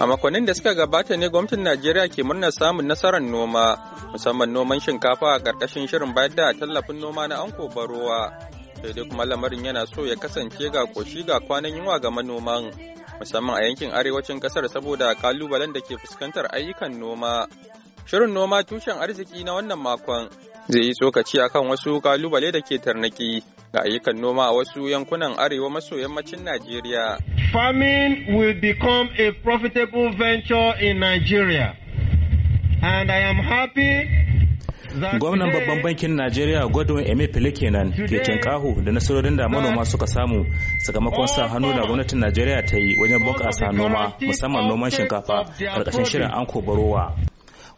A makonnin da suka gabata ne gwamnatin Najeriya ke murnar samun nasarar noma, musamman noman shinkafa a ƙarƙashin shirin bayar da tallafin noma na anko barowa. Sai dai kuma lamarin yana so ya kasance ga koshi ga kwanan yunwa ga manoman, musamman a yankin arewacin ƙasar saboda kalubalen da ke fuskantar ayyukan noma. Shirin noma tushen arziki na wannan makon zai yi tsokaci akan wasu kalubale da ke tarnaki. ga ayyukan noma a wasu yankunan arewa maso yammacin Najeriya. Farming will become a profitable venture in Nigeria. And I am happy gwamnan babban bankin najeriya godwin emefiele kenan ke tinkahu da nasarorin da manoma suka samu sakamakon sa hannu da gwamnatin najeriya ta yi wajen bunƙasa noma musamman noman shinkafa ƙarƙashin shirin anko barowa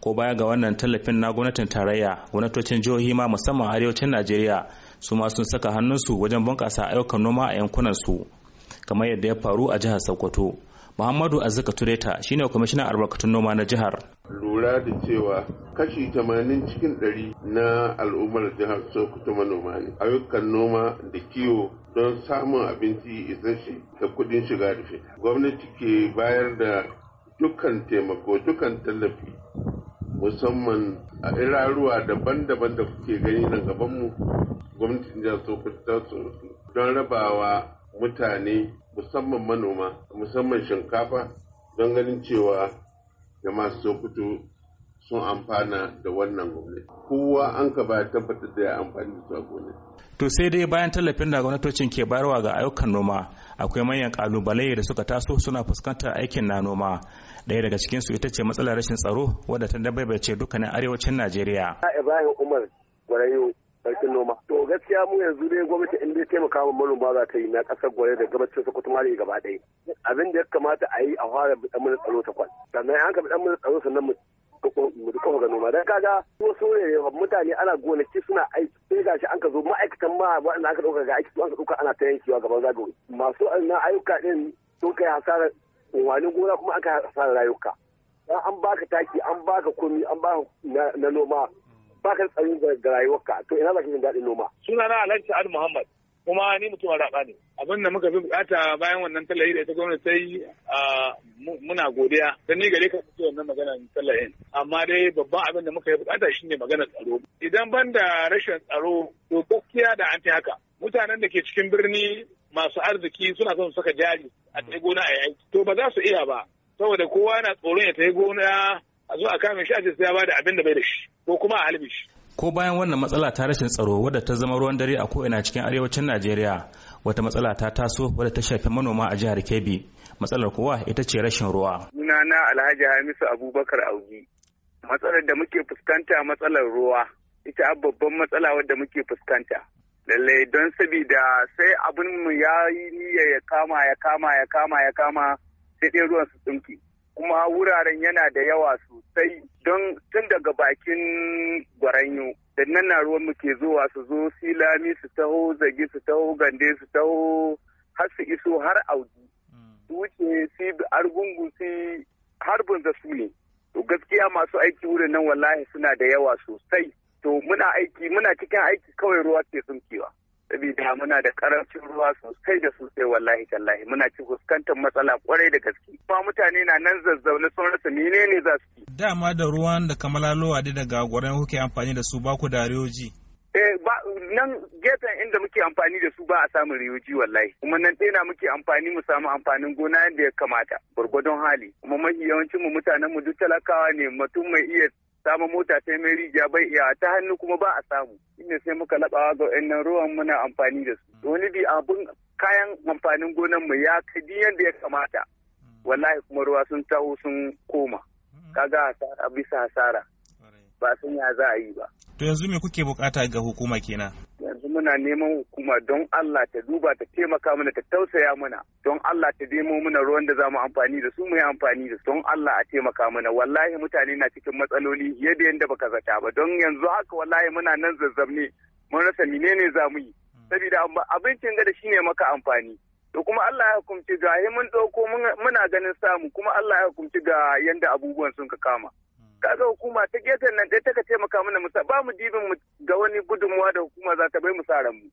ko baya ga wannan tallafin na gwamnatin tarayya gwamnatocin jihohi ma musamman arewacin najeriya su ma sun saka hannunsu wajen bunƙasa ayyukan noma a yankunan su kamar yadda ya faru a jihar Sokoto. Muhammadu Azzaka Tureta shine kwamishinan albarkatun noma na jihar. Lura da cewa kashi 80 cikin 100 na al'ummar jihar Sokoto manoma ne. Ayyukan noma da kiwo don samun abinci isasshe da kuɗin shiga da fita. Gwamnati ke bayar da dukkan taimako, dukkan tallafi musamman a iraruwa daban-daban da kuke gani nan gabanmu gwamnatin jihar Sokoto ta tsorasu don rabawa mutane musamman manoma musamman shinkafa don ganin cewa jama'a Sokoto sun amfana da wannan gwamnati kowa an ka ba tabbatar da ya amfani da su a to sai dai bayan tallafin da gwamnatocin ke bayarwa ga ayyukan noma akwai manyan kalubale da suka taso suna fuskantar aikin na noma ɗaya daga cikinsu ita ce matsalar rashin tsaro wadda ta dabaibace dukkanin arewacin najeriya ibrahim umar gwarayo sarkin noma to gaskiya mu yanzu dai gwamnati in dai taimaka wa manoma za ta yi na ƙasar gwale da gabacin sokoto mali gaba ɗaya abin da ya kamata a yi a fara bidan mana tsaro ta kwal sannan an ka bidan mana tsaro sannan mu mu duka ga noma dan kaga wasu mutane ana gonaki suna aiki sai gashi an ka zo ma'aikatan ma waɗanda aka dauka ga aiki su an ka dauka ana ta yankewa gaban zagaye masu na ayyuka din sun kai hasarar wani gona kuma aka hasarar rayuka an baka taki an baka komi an baka na noma ba ka tsaro ga rayuwarka to ina za ka jin daɗin noma. suna na alhaji sa'ad muhammad kuma ni mutum raɓa ne abin da muka fi bukata bayan wannan talayi da ita gwamnati sai yi muna godiya ta ni gare ka fito wannan magana tallafin amma dai babban abin da muka yi bukata shine magana tsaro idan ban da rashin tsaro to gaskiya da an ta haka mutanen da ke cikin birni masu arziki suna son saka jari a ta gona a yi to ba za su iya ba saboda kowa yana tsoron ya ta gona a zo a kame shi a ce ya bada abin da bai da shi ko kuma a halbe shi ko bayan wannan matsala ta rashin tsaro wadda ta zama ruwan dare a ko'ina cikin arewacin najeriya wata matsala ta taso wadda ta shafi manoma a jihar kebbi matsalar kuwa ita ce rashin ruwa na alhaji hamisu abubakar augi matsalar da muke fuskanta matsalar ruwa ita babban matsala wadda muke fuskanta lallai don sabida sai abin mu ya yi niyya ya kama ya kama ya kama ya kama sai ruwan su tsinki kuma wuraren yana da yawa su sai don tun daga bakin gwaranyo da nan na ruwan muke zuwa su zo silami su taho zagi su taho gande su taho har su iso har audi su wuce su argungu su har bunza su ne to gaskiya masu aiki wurin nan wallahi suna da yawa sosai to muna aiki muna cikin aiki kawai ruwa ke sun kewa saboda muna da karancin ruwa sosai da sosai wallahi tallahi muna ci fuskantar matsala kwarai da gaske kuma mutane na nan zazzaune sun rasa menene za su yi dama da ruwan da kamalalowa da daga gwaran kuke amfani da su ba ku da riyoji eh ba nan gefen inda muke amfani da su ba a samun riyoji wallahi kuma nan ɗaya muke amfani mu samu amfanin gona yadda ya kamata gwargwadon hali kuma mafi yawancin mu mutanen mu duk talakawa ne mutum mai iya samun mota sai mai rijiya bai iya ta hannu kuma ba a samu inda sai muka labawa ga wannan ruwan muna amfani da su mm. wani bi abun kayan amfanin gonan mu ya kadi yadda ya kamata mm. wallahi kuma ruwa sun taho sun koma mm. kaga a bisa hasara ba sun ya za a yi ba to yanzu me kuke bukata ga hukuma kenan muna neman hukuma don Allah ta duba ta taimaka mana ta tausaya mana don Allah ta demo mana ruwan da zamu amfani da su mu amfani da su don Allah a taimaka mana wallahi mutane na cikin matsaloli yadda yanda baka zata ba don yanzu haka wallahi muna nan zazzab ne mun rasa menene zamu yi saboda abincin gada shine maka amfani to kuma Allah ya hukunci ga mun dauko muna ganin samu kuma Allah ya hukunci ga yanda abubuwan sun ka kama kaga hukuma ta gefen nan dai taka taimaka mana mu ba mu dibin mu ga wani gudunmuwa da hukuma za ta bai mu sa mu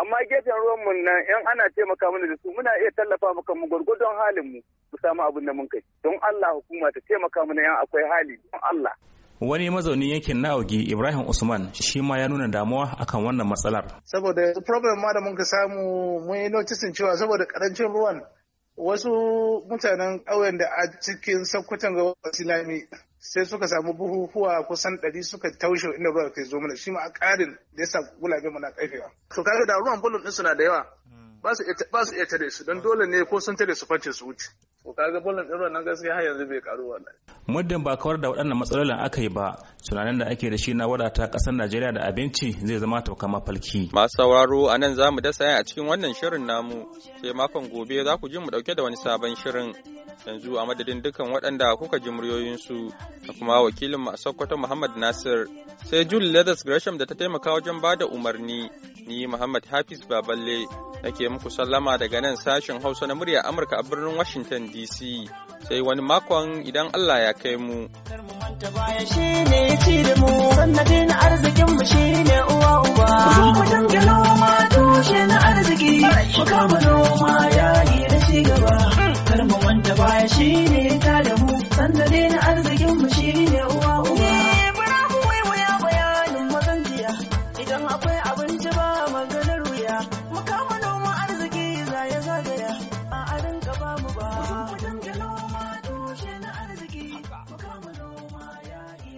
amma gefen ruwan mu nan yan ana taimaka mana da su muna iya tallafa maka mu gwargwadon halin mu mu samu abin da mun kai don Allah hukuma ta taimaka mana yan akwai hali don Allah wani mazaunin yankin na Ogi ibrahim usman shi ma ya nuna damuwa akan wannan matsalar saboda yanzu problem ma da mun ka samu mun yi notisin cewa saboda karancin ruwan wasu mutanen ƙauyen da a cikin sakkwatan ga islami sai suka samu buhuhuwa kusan ɗari suka taushe inda ruwa kai zo mana shi ma a ƙarin da yasa gulabe mana kaifewa to kaga da ruwan bulun ɗin suna da yawa hmm. ba su iya tare su don dole ne ko sun tare su face su wuce to kaga bulan ɗin wannan gaskiya har yanzu bai karu wannan muddin ba kawar da waɗannan matsalolin aka yi ba tunanin da ake da shi na wadata ƙasar Najeriya da abinci zai zama tauka mafalki masu sauraro a nan za mu dasa a cikin wannan shirin namu sai makon gobe za ku ji mu ɗauke da wani sabon shirin yanzu a madadin dukkan waɗanda kuka ji muryoyinsu da kuma wakilin masu Sokoto Muhammad Nasir sai Jul Leathers Gresham da ta taimaka wajen bada umarni ni Muhammad Hafiz Baballe nake muku sallama daga nan sashen Hausa na murya Amurka a birnin Washington DC sai wani makon idan Allah ya kai mu. uwa